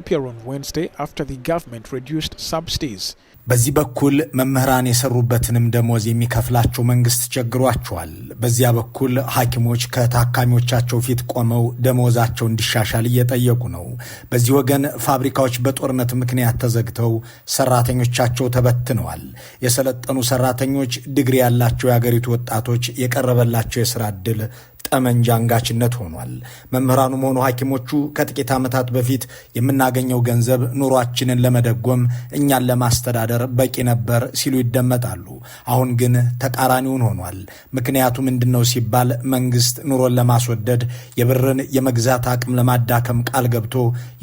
Ethiopia on Wednesday after the government reduced subsidies. በዚህ በኩል መምህራን የሰሩበትንም ደሞዝ የሚከፍላቸው መንግስት ቸግሯቸዋል። በዚያ በኩል ሐኪሞች ከታካሚዎቻቸው ፊት ቆመው ደሞዛቸው እንዲሻሻል እየጠየቁ ነው። በዚህ ወገን ፋብሪካዎች በጦርነት ምክንያት ተዘግተው ሰራተኞቻቸው ተበትነዋል። የሰለጠኑ ሰራተኞች፣ ድግሪ ያላቸው የአገሪቱ ወጣቶች የቀረበላቸው የስራ ዕድል ጠመንጃ አንጋችነት ሆኗል። መምህራኑም ሆኑ ሐኪሞቹ ከጥቂት ዓመታት በፊት የምናገኘው ገንዘብ ኑሯችንን ለመደጎም እኛን ለማስተዳደር በቂ ነበር ሲሉ ይደመጣሉ። አሁን ግን ተቃራኒውን ሆኗል። ምክንያቱ ምንድን ነው ሲባል መንግስት ኑሮን ለማስወደድ የብርን የመግዛት አቅም ለማዳከም ቃል ገብቶ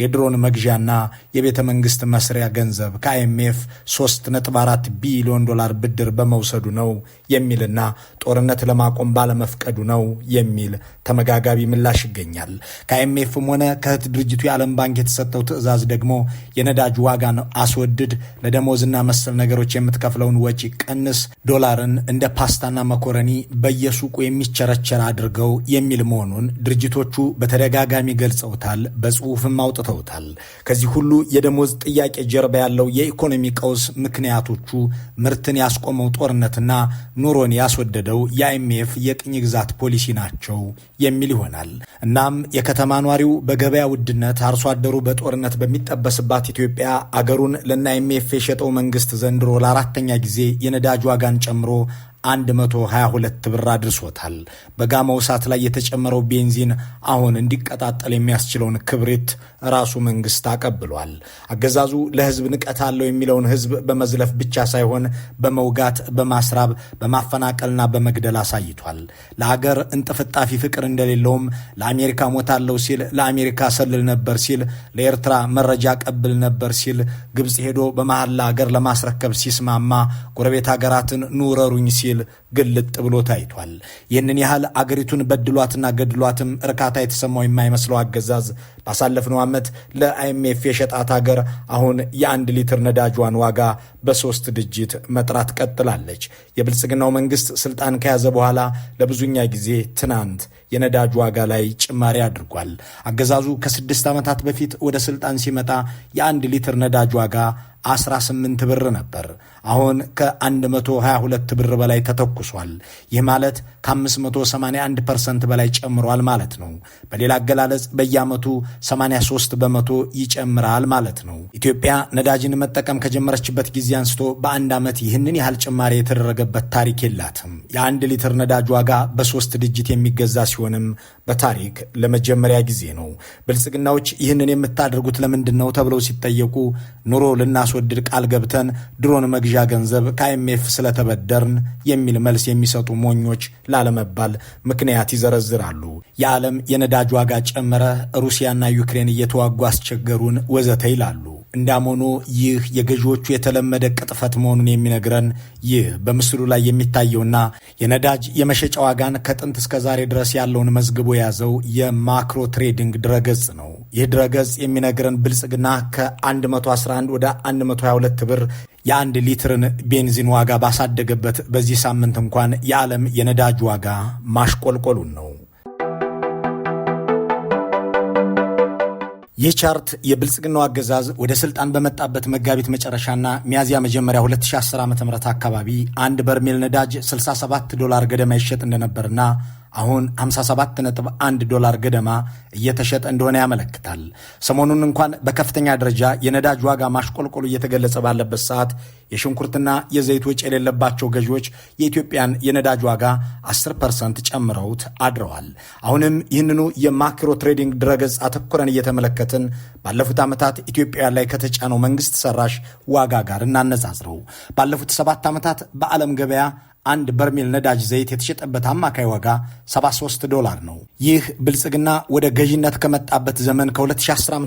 የድሮን መግዣና የቤተ መንግስት መስሪያ ገንዘብ ከአይኤምኤፍ 3.4 ቢሊዮን ዶላር ብድር በመውሰዱ ነው የሚልና ጦርነት ለማቆም ባለመፍቀዱ ነው የሚ የሚል ተመጋጋቢ ምላሽ ይገኛል። ከአይኤምኤፍም ሆነ ከእህት ድርጅቱ የዓለም ባንክ የተሰጠው ትዕዛዝ ደግሞ የነዳጅ ዋጋን አስወድድ፣ ለደሞዝና መሰል ነገሮች የምትከፍለውን ወጪ ቀንስ፣ ዶላርን እንደ ፓስታና መኮረኒ በየሱቁ የሚቸረቸር አድርገው የሚል መሆኑን ድርጅቶቹ በተደጋጋሚ ገልጸውታል፣ በጽሁፍም አውጥተውታል። ከዚህ ሁሉ የደሞዝ ጥያቄ ጀርባ ያለው የኢኮኖሚ ቀውስ ምክንያቶቹ ምርትን ያስቆመው ጦርነትና ኑሮን ያስወደደው የአይኤምኤፍ የቅኝ ግዛት ፖሊሲ ናቸው ናቸው የሚል ይሆናል። እናም የከተማ ኗሪው በገበያ ውድነት፣ አርሶ አደሩ በጦርነት በሚጠበስባት ኢትዮጵያ አገሩን ለአይኤምኤፍ የሸጠው መንግስት ዘንድሮ ለአራተኛ ጊዜ የነዳጅ ዋጋን ጨምሮ 122 ብር አድርሶታል። በጋማው እሳት ላይ የተጨመረው ቤንዚን አሁን እንዲቀጣጠል የሚያስችለውን ክብሪት ራሱ መንግስት አቀብሏል። አገዛዙ ለህዝብ ንቀት አለው የሚለውን ህዝብ በመዝለፍ ብቻ ሳይሆን በመውጋት በማስራብ በማፈናቀልና በመግደል አሳይቷል። ለአገር እንጥፍጣፊ ፍቅር እንደሌለውም ለአሜሪካ ሞታለው ሲል፣ ለአሜሪካ ሰልል ነበር ሲል፣ ለኤርትራ መረጃ ቀብል ነበር ሲል፣ ግብፅ ሄዶ በመሀል ለሀገር ለማስረከብ ሲስማማ ጎረቤት ሀገራትን ኑረሩኝ ሲል ሲል ግልጥ ብሎ ታይቷል። ይህንን ያህል አገሪቱን በድሏትና ገድሏትም እርካታ የተሰማው የማይመስለው አገዛዝ ባሳለፍነው ዓመት ለአይኤምኤፍ የሸጣት ሀገር አሁን የአንድ ሊትር ነዳጇን ዋጋ በሶስት ድጅት መጥራት ቀጥላለች። የብልጽግናው መንግስት ስልጣን ከያዘ በኋላ ለብዙኛ ጊዜ ትናንት የነዳጅ ዋጋ ላይ ጭማሪ አድርጓል። አገዛዙ ከስድስት ዓመታት በፊት ወደ ስልጣን ሲመጣ የአንድ ሊትር ነዳጅ ዋጋ 18 ብር ነበር። አሁን ከ122 ብር በላይ ተተኩሷል። ይህ ማለት ከ581 ፐርሰንት በላይ ጨምሯል ማለት ነው። በሌላ አገላለጽ በየዓመቱ 83 በመቶ ይጨምራል ማለት ነው። ኢትዮጵያ ነዳጅን መጠቀም ከጀመረችበት ጊዜ አንስቶ በአንድ ዓመት ይህንን ያህል ጭማሪ የተደረገበት ታሪክ የላትም። የአንድ ሊትር ነዳጅ ዋጋ በሶስት ድጅት የሚገዛ ሲሆንም በታሪክ ለመጀመሪያ ጊዜ ነው። ብልጽግናዎች ይህንን የምታደርጉት ለምንድን ነው ተብለው ሲጠየቁ ኑሮ ልናስ የሚያስወድድ ቃል ገብተን ድሮን መግዣ ገንዘብ ከአይኤምኤፍ ስለተበደርን የሚል መልስ የሚሰጡ ሞኞች ላለመባል ምክንያት ይዘረዝራሉ። የዓለም የነዳጅ ዋጋ ጨመረ፣ ሩሲያና ዩክሬን እየተዋጉ አስቸገሩን፣ ወዘተ ይላሉ። እንዳም ሆኖ ይህ የገዢዎቹ የተለመደ ቅጥፈት መሆኑን የሚነግረን ይህ በምስሉ ላይ የሚታየውና የነዳጅ የመሸጫ ዋጋን ከጥንት እስከ ዛሬ ድረስ ያለውን መዝግቦ የያዘው የማክሮ ትሬዲንግ ድረገጽ ነው። ይህ ድረገጽ የሚነግረን ብልጽግና ከ111 ወደ 122 ብር የአንድ ሊትርን ቤንዚን ዋጋ ባሳደገበት በዚህ ሳምንት እንኳን የዓለም የነዳጅ ዋጋ ማሽቆልቆሉን ነው። ይህ ቻርት የብልጽግናው አገዛዝ ወደ ስልጣን በመጣበት መጋቢት መጨረሻና ሚያዝያ መጀመሪያ 2010 ዓ ም አካባቢ አንድ በርሜል ነዳጅ 67 ዶላር ገደማ ይሸጥ እንደነበርና አሁን 571 ዶላር ገደማ እየተሸጠ እንደሆነ ያመለክታል። ሰሞኑን እንኳን በከፍተኛ ደረጃ የነዳጅ ዋጋ ማሽቆልቆሉ እየተገለጸ ባለበት ሰዓት የሽንኩርትና የዘይት ወጪ የሌለባቸው ገዢዎች የኢትዮጵያን የነዳጅ ዋጋ 10 ፐርሰንት ጨምረውት አድረዋል። አሁንም ይህንኑ የማክሮ ትሬዲንግ ድረገጽ አተኩረን እየተመለከትን ባለፉት ዓመታት ኢትዮጵያ ላይ ከተጫነው መንግስት ሰራሽ ዋጋ ጋር እናነጻጽረው። ባለፉት ሰባት ዓመታት በዓለም ገበያ አንድ በርሜል ነዳጅ ዘይት የተሸጠበት አማካይ ዋጋ 73 ዶላር ነው። ይህ ብልጽግና ወደ ገዥነት ከመጣበት ዘመን ከ2010 ዓ.ም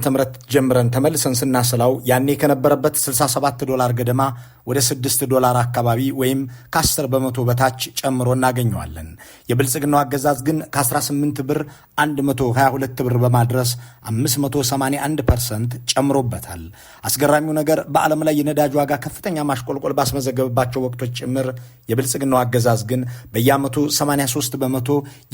ጀምረን ተመልሰን ስናስላው ያኔ ከነበረበት 67 ዶላር ገደማ ወደ 6 ዶላር አካባቢ ወይም ከ10 በመቶ በታች ጨምሮ እናገኘዋለን። የብልጽግናው አገዛዝ ግን ከ18 ብር 122 ብር በማድረስ 581 ፐርሰንት ጨምሮበታል። አስገራሚው ነገር በዓለም ላይ የነዳጅ ዋጋ ከፍተኛ ማሽቆልቆል ባስመዘገብባቸው ወቅቶች ጭምር የብልጽግናው አገዛዝ ግን በየዓመቱ 83 በመቶ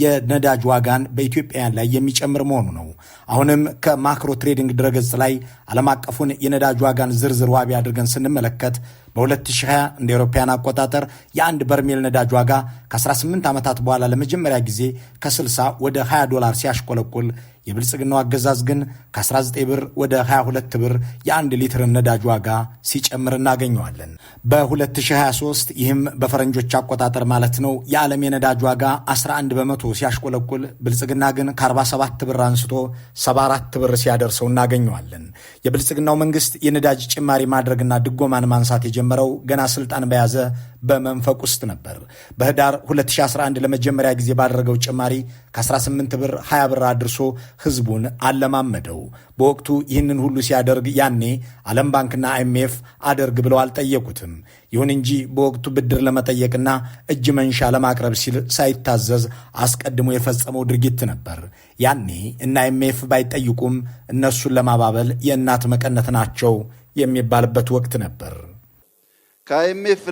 የነዳጅ ዋጋን በኢትዮጵያውያን ላይ የሚጨምር መሆኑ ነው። አሁንም ከማክሮ ትሬዲንግ ድረገጽ ላይ ዓለም አቀፉን የነዳጅ ዋጋን ዝርዝር ዋቢ አድርገን ስንመለከት በ2020 እንደ አውሮፓውያን አቆጣጠር የአንድ በርሜል ነዳጅ ዋጋ ከ18 ዓመታት በኋላ ለመጀመሪያ ጊዜ ከ60 ወደ 20 ዶላር ሲያሽቆለቁል የብልጽግናው አገዛዝ ግን ከ19 ብር ወደ 22 ብር የአንድ ሊትርን ነዳጅ ዋጋ ሲጨምር እናገኘዋለን። በ2023 ይህም በፈረንጆች አቆጣጠር ማለት ነው። የዓለም የነዳጅ ዋጋ 11 በመቶ ሲያሽቆለቁል ብልጽግና ግን ከ47 ብር አንስቶ 74 ብር ሲያደርሰው እናገኘዋለን። የብልጽግናው መንግስት የነዳጅ ጭማሪ ማድረግና ድጎማን ማንሳት የጀመረው ገና ስልጣን በያዘ በመንፈቅ ውስጥ ነበር። በህዳር 2011 ለመጀመሪያ ጊዜ ባደረገው ጭማሪ ከ18 ብር 20 ብር አድርሶ ህዝቡን አለማመደው። በወቅቱ ይህንን ሁሉ ሲያደርግ ያኔ ዓለም ባንክና አይምኤፍ አደርግ ብለው አልጠየቁትም። ይሁን እንጂ በወቅቱ ብድር ለመጠየቅና እጅ መንሻ ለማቅረብ ሲል ሳይታዘዝ አስቀድሞ የፈጸመው ድርጊት ነበር። ያኔ እና አይምኤፍ ባይጠይቁም እነሱን ለማባበል የእናት መቀነት ናቸው የሚባልበት ወቅት ነበር። ከአይምኤፍ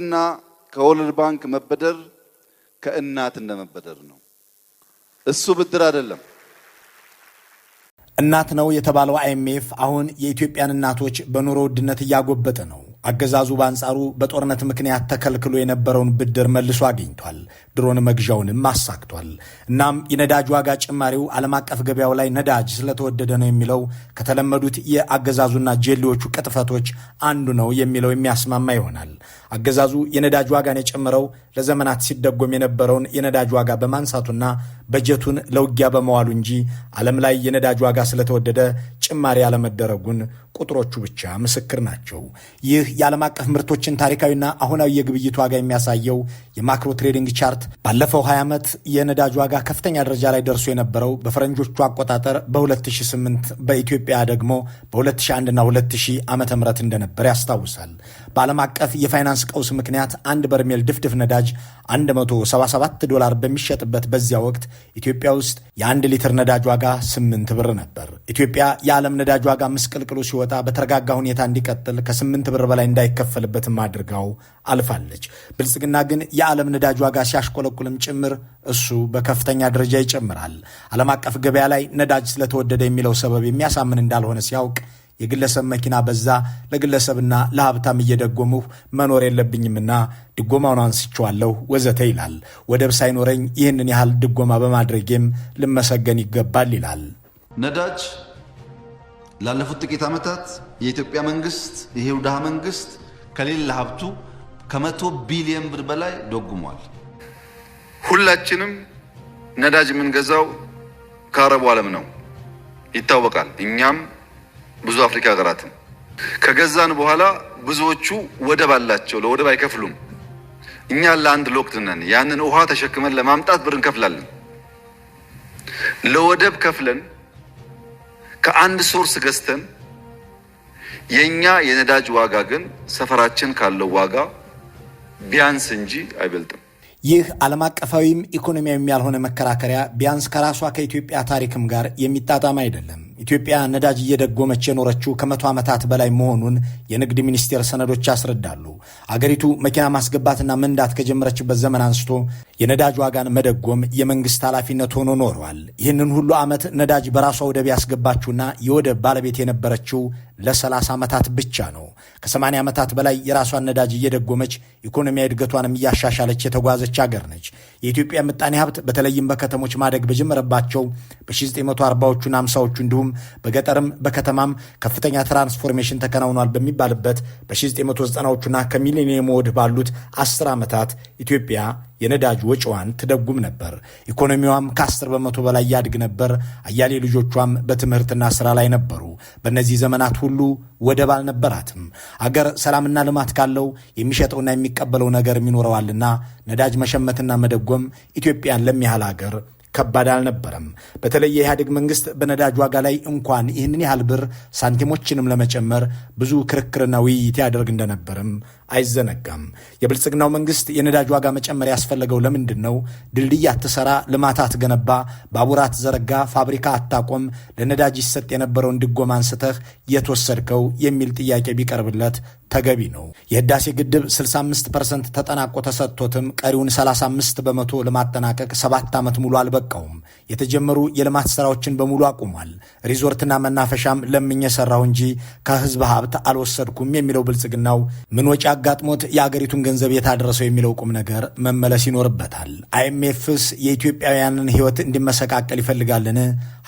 ከወርልድ ባንክ መበደር ከእናት እንደመበደር ነው። እሱ ብድር አይደለም። እናት ነው የተባለው አይኤምኤፍ አሁን የኢትዮጵያን እናቶች በኑሮ ውድነት እያጎበጠ ነው። አገዛዙ በአንጻሩ በጦርነት ምክንያት ተከልክሎ የነበረውን ብድር መልሶ አግኝቷል። ድሮን መግዣውንም አሳክቷል። እናም የነዳጅ ዋጋ ጭማሪው ዓለም አቀፍ ገበያው ላይ ነዳጅ ስለተወደደ ነው የሚለው ከተለመዱት የአገዛዙና ጄሌዎቹ ቅጥፈቶች አንዱ ነው የሚለው የሚያስማማ ይሆናል። አገዛዙ የነዳጅ ዋጋን የጨመረው ለዘመናት ሲደጎም የነበረውን የነዳጅ ዋጋ በማንሳቱና በጀቱን ለውጊያ በመዋሉ እንጂ ዓለም ላይ የነዳጅ ዋጋ ስለተወደደ ጭማሪ ያለመደረጉን ቁጥሮቹ ብቻ ምስክር ናቸው። ይህ የዓለም አቀፍ ምርቶችን ታሪካዊና አሁናዊ የግብይት ዋጋ የሚያሳየው የማክሮ ትሬዲንግ ቻርት ባለፈው 20 ዓመት የነዳጅ ዋጋ ከፍተኛ ደረጃ ላይ ደርሶ የነበረው በፈረንጆቹ አቆጣጠር በ2008 በኢትዮጵያ ደግሞ በ2001ና 2000 ዓ ም እንደነበር ያስታውሳል። በዓለም አቀፍ የፋይናንስ ቀውስ ምክንያት አንድ በርሜል ድፍድፍ ነዳጅ 177 ዶላር በሚሸጥበት በዚያ ወቅት ኢትዮጵያ ውስጥ የአንድ ሊትር ነዳጅ ዋጋ 8 ብር ነበር። ኢትዮጵያ የዓለም ነዳጅ ዋጋ ምስቅልቅሉ ሲወጣ በተረጋጋ ሁኔታ እንዲቀጥል ከ8 ብር በላይ እንዳይከፈልበትም አድርጋው አልፋለች። ብልጽግና ግን የዓለም ነዳጅ ዋጋ ሲያሽቆለቁልም ጭምር እሱ በከፍተኛ ደረጃ ይጨምራል። ዓለም አቀፍ ገበያ ላይ ነዳጅ ስለተወደደ የሚለው ሰበብ የሚያሳምን እንዳልሆነ ሲያውቅ የግለሰብ መኪና በዛ፣ ለግለሰብና ለሀብታም እየደጎምሁ መኖር የለብኝምና ድጎማውን አንስቼዋለሁ ወዘተ ይላል። ወደብ ሳይኖረኝ ይህንን ያህል ድጎማ በማድረጌም ልመሰገን ይገባል ይላል። ነዳጅ ላለፉት ጥቂት ዓመታት የኢትዮጵያ መንግስት ይሄው ድሃ መንግስት ከሌለ ሀብቱ ከመቶ ቢሊየን ብር በላይ ደጉሟል። ሁላችንም ነዳጅ የምንገዛው ከአረቡ ዓለም ነው ይታወቃል። እኛም ብዙ አፍሪካ ሀገራትን ከገዛን በኋላ ብዙዎቹ ወደብ አላቸው። ለወደብ አይከፍሉም። እኛ ለአንድ ሎክት ነን። ያንን ውሃ ተሸክመን ለማምጣት ብር እንከፍላለን። ለወደብ ከፍለን ከአንድ ሶርስ ገዝተን የእኛ የነዳጅ ዋጋ ግን ሰፈራችን ካለው ዋጋ ቢያንስ እንጂ አይበልጥም። ይህ ዓለም አቀፋዊም ኢኮኖሚያዊም ያልሆነ መከራከሪያ ቢያንስ ከራሷ ከኢትዮጵያ ታሪክም ጋር የሚጣጣም አይደለም። ኢትዮጵያ ነዳጅ እየደጎመች የኖረችው ከመቶ ዓመታት በላይ መሆኑን የንግድ ሚኒስቴር ሰነዶች ያስረዳሉ። አገሪቱ መኪና ማስገባትና መንዳት ከጀመረችበት ዘመን አንስቶ የነዳጅ ዋጋን መደጎም የመንግስት ኃላፊነት ሆኖ ኖሯል። ይህንን ሁሉ ዓመት ነዳጅ በራሷ ወደብ ያስገባችውና የወደብ ባለቤት የነበረችው ለ30 ዓመታት ብቻ ነው። ከ80 ዓመታት በላይ የራሷን ነዳጅ እየደጎመች ኢኮኖሚያዊ እድገቷንም እያሻሻለች የተጓዘች አገር ነች። የኢትዮጵያ ምጣኔ ሀብት በተለይም በከተሞች ማደግ በጀመረባቸው በ1940ዎቹና 50ዎቹ እንዲሁም በገጠርም በከተማም ከፍተኛ ትራንስፎርሜሽን ተከናውኗል በሚባልበት በ1990ዎቹና ከሚሌኒየም ወዲህ ባሉት 10 ዓመታት ኢትዮጵያ የነዳጅ ወጪዋን ትደጉም ነበር። ኢኮኖሚዋም ከአስር በመቶ በላይ ያድግ ነበር። አያሌ ልጆቿም በትምህርትና ስራ ላይ ነበሩ። በእነዚህ ዘመናት ሁሉ ወደብ አልነበራትም። አገር ሰላምና ልማት ካለው የሚሸጠውና የሚቀበለው ነገር ይኖረዋልና ነዳጅ መሸመትና መደጎም ኢትዮጵያን ለሚያህል አገር ከባድ አልነበረም። በተለይ የኢህአዴግ መንግስት በነዳጅ ዋጋ ላይ እንኳን ይህንን ያህል ብር ሳንቲሞችንም ለመጨመር ብዙ ክርክርና ውይይት ያደርግ እንደነበርም አይዘነጋም። የብልጽግናው መንግስት የነዳጅ ዋጋ መጨመር ያስፈለገው ለምንድን ነው? ድልድይ አትሰራ፣ ልማት አትገነባ፣ ባቡር አትዘረጋ፣ ፋብሪካ አታቆም፣ ለነዳጅ ይሰጥ የነበረውን ድጎማ አንስተህ የት ወሰድከው የሚል ጥያቄ ቢቀርብለት ተገቢ ነው። የህዳሴ ግድብ 65 ፐርሰንት ተጠናቆ ተሰጥቶትም ቀሪውን 35 በመቶ ለማጠናቀቅ ሰባት ዓመት ሙሉ አልበቃውም። የተጀመሩ የልማት ስራዎችን በሙሉ አቁሟል። ሪዞርትና መናፈሻም ለምኝ የሰራው እንጂ ከህዝብ ሀብት አልወሰድኩም የሚለው ብልጽግናው ምን ወጪ አጋጥሞት የአገሪቱን ገንዘብ የታደረሰው የሚለው ቁም ነገር መመለስ ይኖርበታል። አይኤምኤፍስ የኢትዮጵያውያንን ህይወት እንዲመሰቃቀል ይፈልጋልን?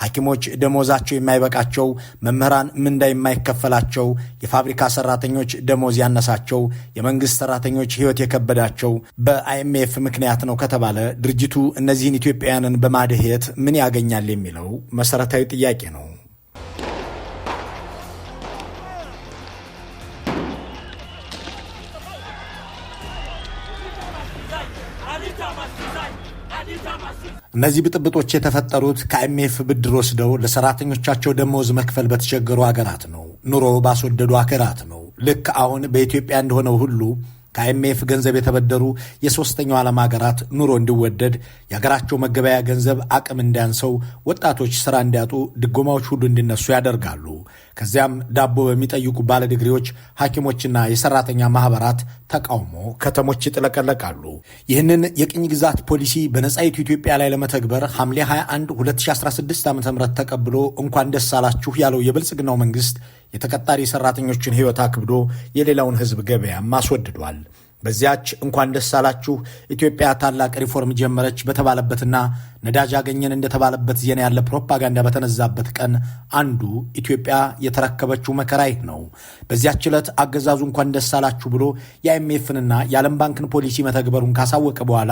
ሐኪሞች ደሞዛቸው የማይበቃቸው፣ መምህራን ምንዳ የማይከፈላቸው፣ የፋብሪካ ሰራተኞች ደሞዝ ያነሳቸው የመንግስት ሰራተኞች ህይወት የከበዳቸው በአይኤምኤፍ ምክንያት ነው ከተባለ ድርጅቱ እነዚህን ኢትዮጵያውያንን በማድሄት ምን ያገኛል የሚለው መሰረታዊ ጥያቄ ነው። እነዚህ ብጥብጦች የተፈጠሩት ከአይኤምኤፍ ብድር ወስደው ለሰራተኞቻቸው ደሞዝ መክፈል በተቸገሩ ሀገራት ነው። ኑሮ ባስወደዱ ሀገራት ነው። ልክ አሁን በኢትዮጵያ እንደሆነው ሁሉ ከአይኤምኤፍ ገንዘብ የተበደሩ የሦስተኛው ዓለም ሀገራት ኑሮ እንዲወደድ የሀገራቸው መገበያ ገንዘብ አቅም እንዲያንሰው ወጣቶች ሥራ እንዲያጡ፣ ድጎማዎች ሁሉ እንዲነሱ ያደርጋሉ። ከዚያም ዳቦ በሚጠይቁ ባለድግሪዎች ሐኪሞችና የሰራተኛ ማኅበራት ተቃውሞ ከተሞች ይጥለቀለቃሉ። ይህንን የቅኝ ግዛት ፖሊሲ በነጻይቱ ኢትዮጵያ ላይ ለመተግበር ሐምሌ 21 2016 ዓ ም ተቀብሎ እንኳን ደስ አላችሁ ያለው የብልጽግናው መንግሥት የተቀጣሪ ሠራተኞችን ሕይወት አክብዶ የሌላውን ሕዝብ ገበያም አስወድዷል። በዚያች እንኳን ደስ አላችሁ ኢትዮጵያ ታላቅ ሪፎርም ጀመረች በተባለበትና ነዳጅ ያገኘን እንደተባለበት ዜና ያለ ፕሮፓጋንዳ በተነዛበት ቀን አንዱ ኢትዮጵያ የተረከበችው መከራ ይህ ነው። በዚያች ዕለት አገዛዙ እንኳን ደስ አላችሁ ብሎ የአይኤምኤፍንና የዓለም ባንክን ፖሊሲ መተግበሩን ካሳወቀ በኋላ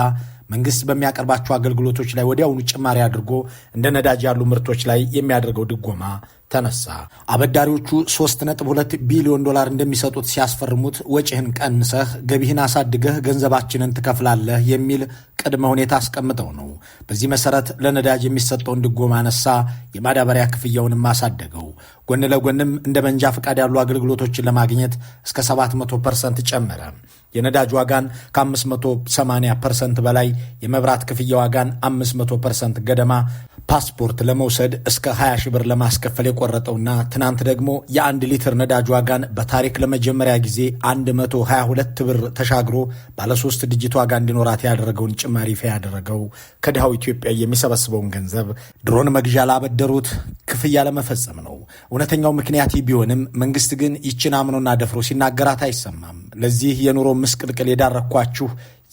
መንግስት በሚያቀርባቸው አገልግሎቶች ላይ ወዲያውኑ ጭማሪ አድርጎ እንደ ነዳጅ ያሉ ምርቶች ላይ የሚያደርገው ድጎማ ተነሳ። አበዳሪዎቹ 3.2 ቢሊዮን ዶላር እንደሚሰጡት ሲያስፈርሙት ወጪህን ቀንሰህ ገቢህን አሳድገህ ገንዘባችንን ትከፍላለህ የሚል ቅድመ ሁኔታ አስቀምጠው ነው። በዚህ መሰረት ለነዳጅ የሚሰጠውን ድጎማ አነሳ፣ የማዳበሪያ ክፍያውንም አሳደገው። ጎን ለጎንም እንደ መንጃ ፈቃድ ያሉ አገልግሎቶችን ለማግኘት እስከ 700 ፐርሰንት ጨመረ። የነዳጅ ዋጋን ከ580 ፐርሰንት በላይ፣ የመብራት ክፍያ ዋጋን 500 ፐርሰንት ገደማ፣ ፓስፖርት ለመውሰድ እስከ 20 ሺህ ብር ለማስከፈል የቆረጠውና ትናንት ደግሞ የአንድ ሊትር ነዳጅ ዋጋን በታሪክ ለመጀመሪያ ጊዜ 122 ብር ተሻግሮ ባለሶስት ድጅት ዋጋ እንዲኖራት ያደረገውን ጭማሪ ይፋ ያደረገው ከድሃው ኢትዮጵያ የሚሰበስበውን ገንዘብ ድሮን መግዣ ላበደሩት ክፍያ ለመፈጸም ነው። እውነተኛው ምክንያት ቢሆንም መንግስት ግን ይችን አምኖና ደፍሮ ሲናገራት አይሰማም። ለዚህ የኑሮ ምስቅልቅል የዳረግኳችሁ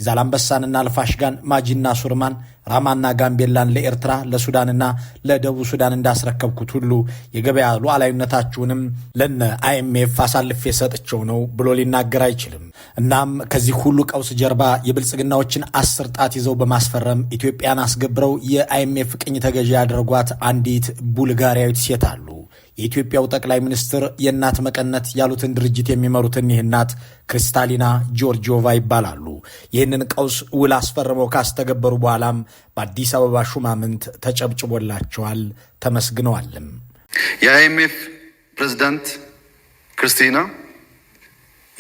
ዛላምበሳንና አልፋሽጋን ማጂና ሱርማን ራማና ጋምቤላን ለኤርትራ ለሱዳንና ለደቡብ ሱዳን እንዳስረከብኩት ሁሉ የገበያ ሉዓላዊነታችሁንም ለነ አይኤምኤፍ አሳልፌ ሰጥቸው ነው ብሎ ሊናገር አይችልም። እናም ከዚህ ሁሉ ቀውስ ጀርባ የብልጽግናዎችን አስር ጣት ይዘው በማስፈረም ኢትዮጵያን አስገብረው የአይኤምኤፍ ቅኝ ተገዢ ያደረጓት አንዲት ቡልጋሪያዊት ሴት አሉ። የኢትዮጵያው ጠቅላይ ሚኒስትር የእናት መቀነት ያሉትን ድርጅት የሚመሩት ይህ እናት ክሪስታሊና ጆርጂዮቫ ይባላሉ። ይህንን ቀውስ ውል አስፈርመው ካስተገበሩ በኋላም በአዲስ አበባ ሹማምንት ተጨብጭቦላቸዋል፣ ተመስግነዋልም። የአይኤምኤፍ ፕሬዚዳንት ክርስቲና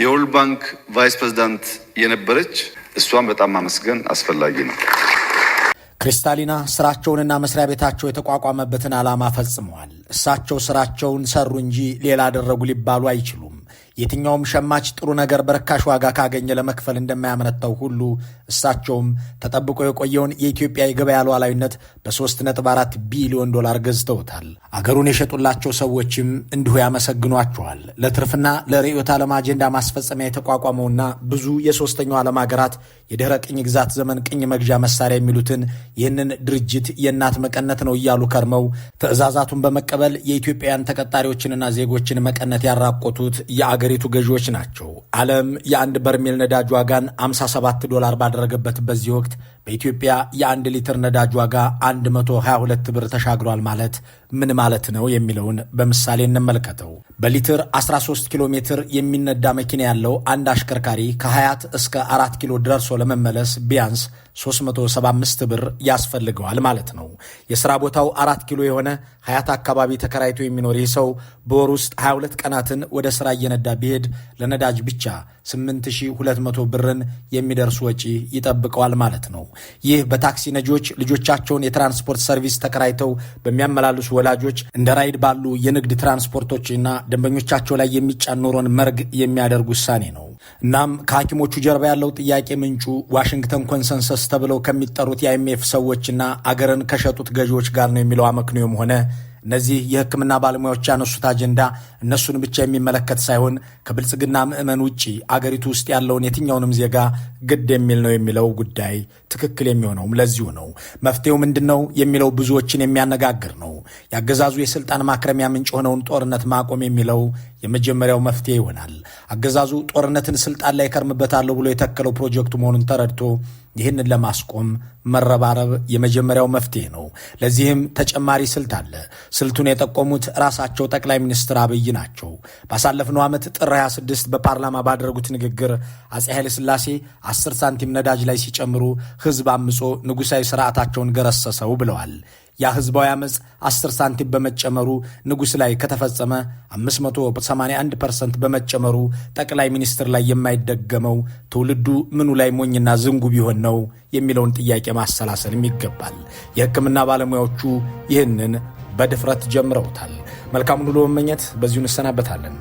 የወርልድ ባንክ ቫይስ ፕሬዚዳንት የነበረች እሷን በጣም ማመስገን አስፈላጊ ነው። ክሪስታሊና ስራቸውንና መስሪያ ቤታቸው የተቋቋመበትን ዓላማ ፈጽመዋል። እሳቸው ስራቸውን ሰሩ እንጂ ሌላ አደረጉ ሊባሉ አይችሉም። የትኛውም ሸማች ጥሩ ነገር በርካሽ ዋጋ ካገኘ ለመክፈል እንደማያመነታው ሁሉ እሳቸውም ተጠብቆ የቆየውን የኢትዮጵያ የገበያ ሉዓላዊነት በ3.4 ቢሊዮን ዶላር ገዝተውታል። አገሩን የሸጡላቸው ሰዎችም እንዲሁ ያመሰግኗቸዋል። ለትርፍና ለርዕዮተ ዓለም አጀንዳ ማስፈጸሚያ የተቋቋመውና ብዙ የሦስተኛው ዓለም አገራት የድኅረ ቅኝ ግዛት ዘመን ቅኝ መግዣ መሳሪያ የሚሉትን ይህንን ድርጅት የእናት መቀነት ነው እያሉ ከርመው ትዕዛዛቱን በመቀበል የኢትዮጵያን ተቀጣሪዎችንና ዜጎችን መቀነት ያራቆቱት የአገሪቱ ገዢዎች ናቸው። ዓለም የአንድ በርሜል ነዳጅ ዋጋን 57 ዶላር ባደረገበት በዚህ ወቅት በኢትዮጵያ የአንድ ሊትር ነዳጅ ዋጋ 122 ብር ተሻግሯል ማለት ምን ማለት ነው የሚለውን በምሳሌ እንመልከተው። በሊትር 13 ኪሎ ሜትር የሚነዳ መኪና ያለው አንድ አሽከርካሪ ከሀያት እስከ አራት ኪሎ ደርሶ ለመመለስ ቢያንስ 375 ብር ያስፈልገዋል ማለት ነው። የሥራ ቦታው አራት ኪሎ የሆነ ሀያት አካባቢ ተከራይቶ የሚኖር ይህ ሰው በወር ውስጥ 22 ቀናትን ወደ ሥራ እየነዳ ቢሄድ ለነዳጅ ብቻ 8200 ብርን የሚደርሱ ወጪ ይጠብቀዋል ማለት ነው። ይህ በታክሲ ነጂዎች ልጆቻቸውን የትራንስፖርት ሰርቪስ ተከራይተው በሚያመላልሱ ወላጆች እንደ ራይድ ባሉ የንግድ ትራንስፖርቶችና ደንበኞቻቸው ላይ የሚጫኑሮን መርግ የሚያደርግ ውሳኔ ነው። እናም ከሐኪሞቹ ጀርባ ያለው ጥያቄ ምንጩ ዋሽንግተን ኮንሰንሰስ ተብለው ከሚጠሩት የአይኤምኤፍ ሰዎችና አገርን ከሸጡት ገዢዎች ጋር ነው የሚለው አመክንዮም ሆነ እነዚህ የሕክምና ባለሙያዎች ያነሱት አጀንዳ እነሱን ብቻ የሚመለከት ሳይሆን ከብልጽግና ምዕመን ውጪ አገሪቱ ውስጥ ያለውን የትኛውንም ዜጋ ግድ የሚል ነው የሚለው ጉዳይ ትክክል የሚሆነውም ለዚሁ ነው። መፍትሄው ምንድን ነው የሚለው ብዙዎችን የሚያነጋግር ነው። የአገዛዙ የስልጣን ማክረሚያ ምንጭ የሆነውን ጦርነት ማቆም የሚለው የመጀመሪያው መፍትሄ ይሆናል። አገዛዙ ጦርነትን ስልጣን ላይ ከርምበታለሁ ብሎ የተከለው ፕሮጀክቱ መሆኑን ተረድቶ ይህንን ለማስቆም መረባረብ የመጀመሪያው መፍትሄ ነው። ለዚህም ተጨማሪ ስልት አለ። ስልቱን የጠቆሙት ራሳቸው ጠቅላይ ሚኒስትር አብይ ናቸው። ባሳለፍነው ዓመት ጥር 26 በፓርላማ ባደረጉት ንግግር አጼ ኃይለሥላሴ 10 ሳንቲም ነዳጅ ላይ ሲጨምሩ ሕዝብ አምጾ ንጉሣዊ ስርዓታቸውን ገረሰሰው ብለዋል። ያ ህዝባዊ አመፅ 10 ሳንቲም በመጨመሩ ንጉሥ ላይ ከተፈጸመ 581 ፐርሰንት በመጨመሩ ጠቅላይ ሚኒስትር ላይ የማይደገመው ትውልዱ ምኑ ላይ ሞኝና ዝንጉ ቢሆን ነው የሚለውን ጥያቄ ማሰላሰልም ይገባል። የሕክምና ባለሙያዎቹ ይህንን በድፍረት ጀምረውታል። መልካሙን ሁሉ መመኘት በዚሁ እንሰናበታለን።